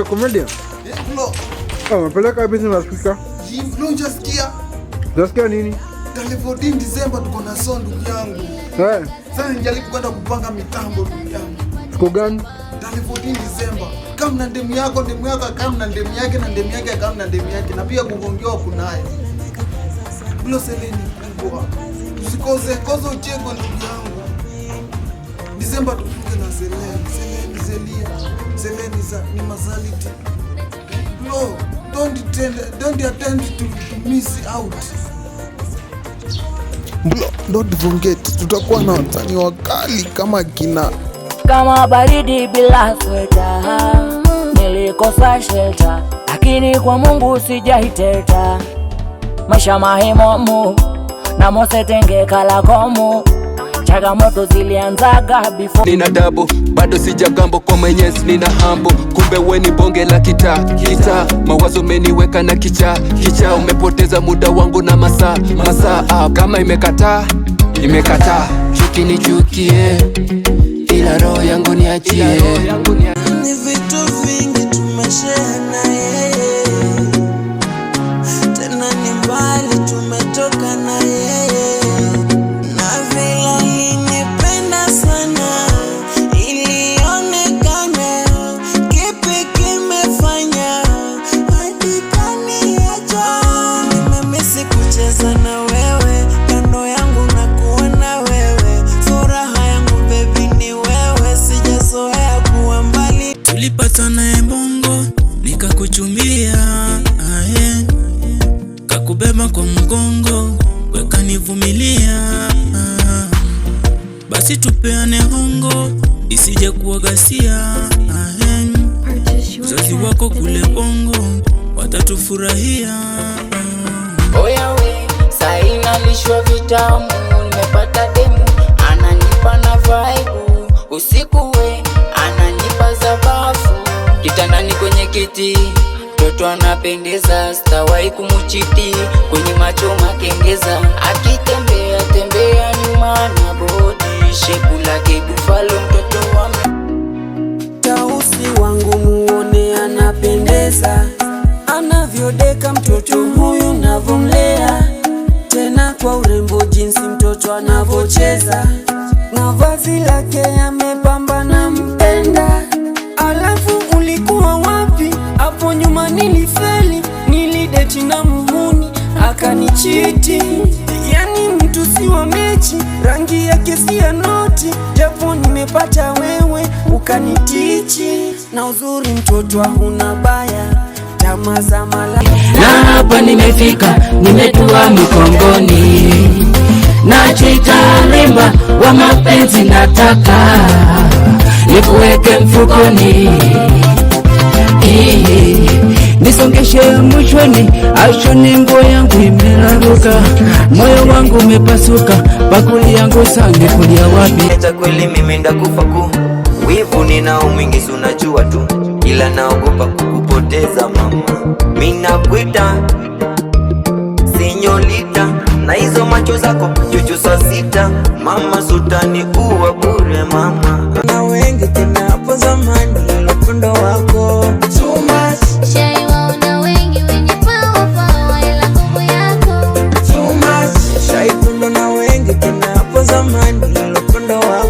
Wewe comedian? Ah, umepeleka wapi nasikia? Flow unasikia? Unasikia nini? Tarehe 14 Disemba tuko na ndugu yangu. Eh. Sasa nijaribu kwenda kupanga mitambo ndugu yangu. Siku gani? Tarehe 14 Kama na yako, yako kama na yake na yake kama na yake na pia kugongewa kunaye. seleni kubwa. Usikose kozo ndugu yangu. tufunge na seleni. Seleni kuuliza ni masaliti. No, don't attend, don't attend to, to miss out. Don't forget, tutakuwa na watani wakali kama kina kama baridi bila sweta, nilikosa shelter, lakini kwa Mungu sijaiteta. Maisha mahemo mu namose tenge kalakomu Changamoto zilianzaga before. Nina dabu bado sijagambo kwa mwenyezi, nina hambo kumbe weni bonge la kita kita, mawazo meniweka na kicha kicha, umepoteza muda wangu na masaa masaa, ah, kama imekataa imekataa, chuki nichukie, eh. ila roho yangu niachie, ni vitu vingi kubeba kwa mgongo, wekanivumilia basi tupeane hongo, isije kuwa ghasia. Mzazi wako kule Bongo watatufurahia. Oya we, sai nalishwa vitamu, nimepata demu, ananipa na vaibu usiku, we ananipa zabafu kitandani kwenye kiti mtu anapendeza, sitawai kumuchiti kwenye macho makengeza, akitembea tembea nyuma na bodi, shepu lake bufalo, mtoto wa Tausi wangu muone anapendeza, anavyodeka mtoto huyu navomlea, tena kwa urembo jinsi mtoto anavocheza, na vazi lake na yamepambana mechi na muhuni akanichiti, yani mtu si wa mechi, rangi yake si ya noti, japo nimepata wewe ukanitichi, na uzuri mtoto huna baya tama za mala. Na hapa nimefika, nimetua mikongoni, nachita rimba wa mapenzi, nataka nikuweke mfukoni Ishe mwishoni ashone nguo yangu imelaruka, moyo wangu umepasuka, bakuli yangu sange kulia wapi? Kweli mimi ndakufa ku wivu ninao mwingi, unajua tu, ila naogopa kukupoteza mama. mina Minakuita sinyolita na hizo macho zako juju saa sita mama, sutani uwa bure mama amani, lililokondoa